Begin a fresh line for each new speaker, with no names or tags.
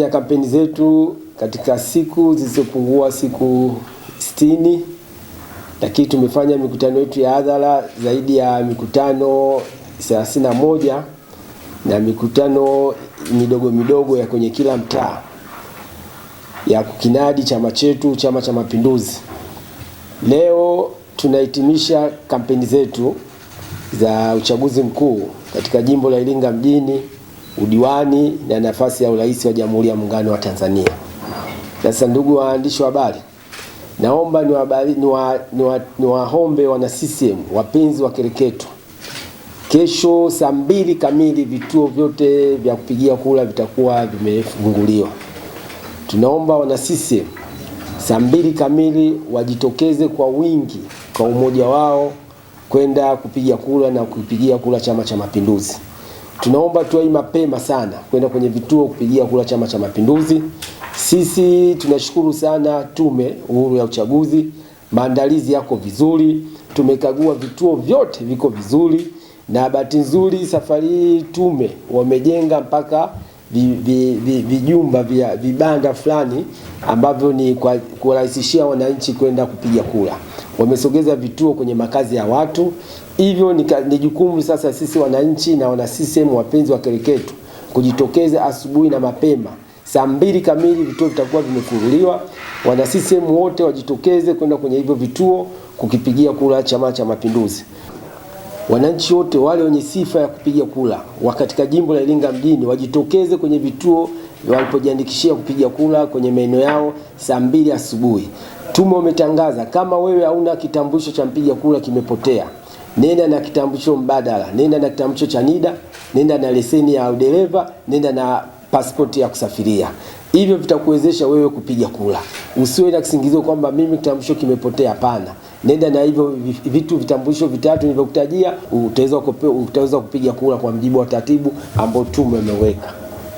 ya kampeni zetu katika siku zilizopungua siku sitini, lakini tumefanya mikutano yetu ya hadhara zaidi ya mikutano 31 na mikutano midogo midogo ya kwenye kila mtaa ya kukinadi chama chetu, Chama cha Mapinduzi. Leo tunahitimisha kampeni zetu za uchaguzi mkuu katika jimbo la Iringa mjini udiwani na nafasi ya urais wa Jamhuri ya Muungano wa Tanzania. Sasa ndugu waandishi wa habari, naomba niwaombe wana CCM wapenzi wa kereketo, kesho saa mbili kamili vituo vyote vya kupigia kura vitakuwa vimefunguliwa. Tunaomba wana CCM saa mbili kamili wajitokeze kwa wingi, kwa umoja wao kwenda kupiga kura na kupigia kura Chama cha Mapinduzi tunaomba tuwai mapema sana kwenda kwenye vituo kupigia kura Chama cha Mapinduzi. Sisi tunashukuru sana Tume Huru ya Uchaguzi, maandalizi yako vizuri, tumekagua vituo vyote viko vizuri, na bahati nzuri safari hii tume wamejenga mpaka vijumba vi, vi, vya vibanda fulani ambavyo ni kwa kurahisishia wananchi kwenda kupiga kura. Wamesogeza vituo kwenye makazi ya watu, hivyo ni, ni jukumu sasa sisi wananchi na wana CCM wapenzi wa kereketu kujitokeza asubuhi na mapema saa mbili kamili vituo vitakuwa vimefunguliwa. Wana CCM wote wajitokeze kwenda kwenye hivyo vituo kukipigia kura Chama cha Mapinduzi. Wananchi wote wale wenye sifa ya kupiga kura wa katika jimbo la Iringa mjini wajitokeze kwenye vituo walipojiandikishia kupiga kura kwenye maeneo yao saa mbili asubuhi. Tume umetangaza kama wewe hauna kitambulisho cha mpiga kura kimepotea, nenda na kitambulisho mbadala, nenda na kitambulisho cha NIDA, nenda na leseni ya udereva, nenda na pasipoti ya kusafiria hivyo vitakuwezesha wewe kupiga kula. Usiwe na kisingizio kwamba mimi kitambulisho kimepotea. Hapana, nenda na hivyo vitu vitambulisho vitatu nilivyokutajia, utaweza kupiga kula kwa mjibu wa taratibu ambao tume ameweka.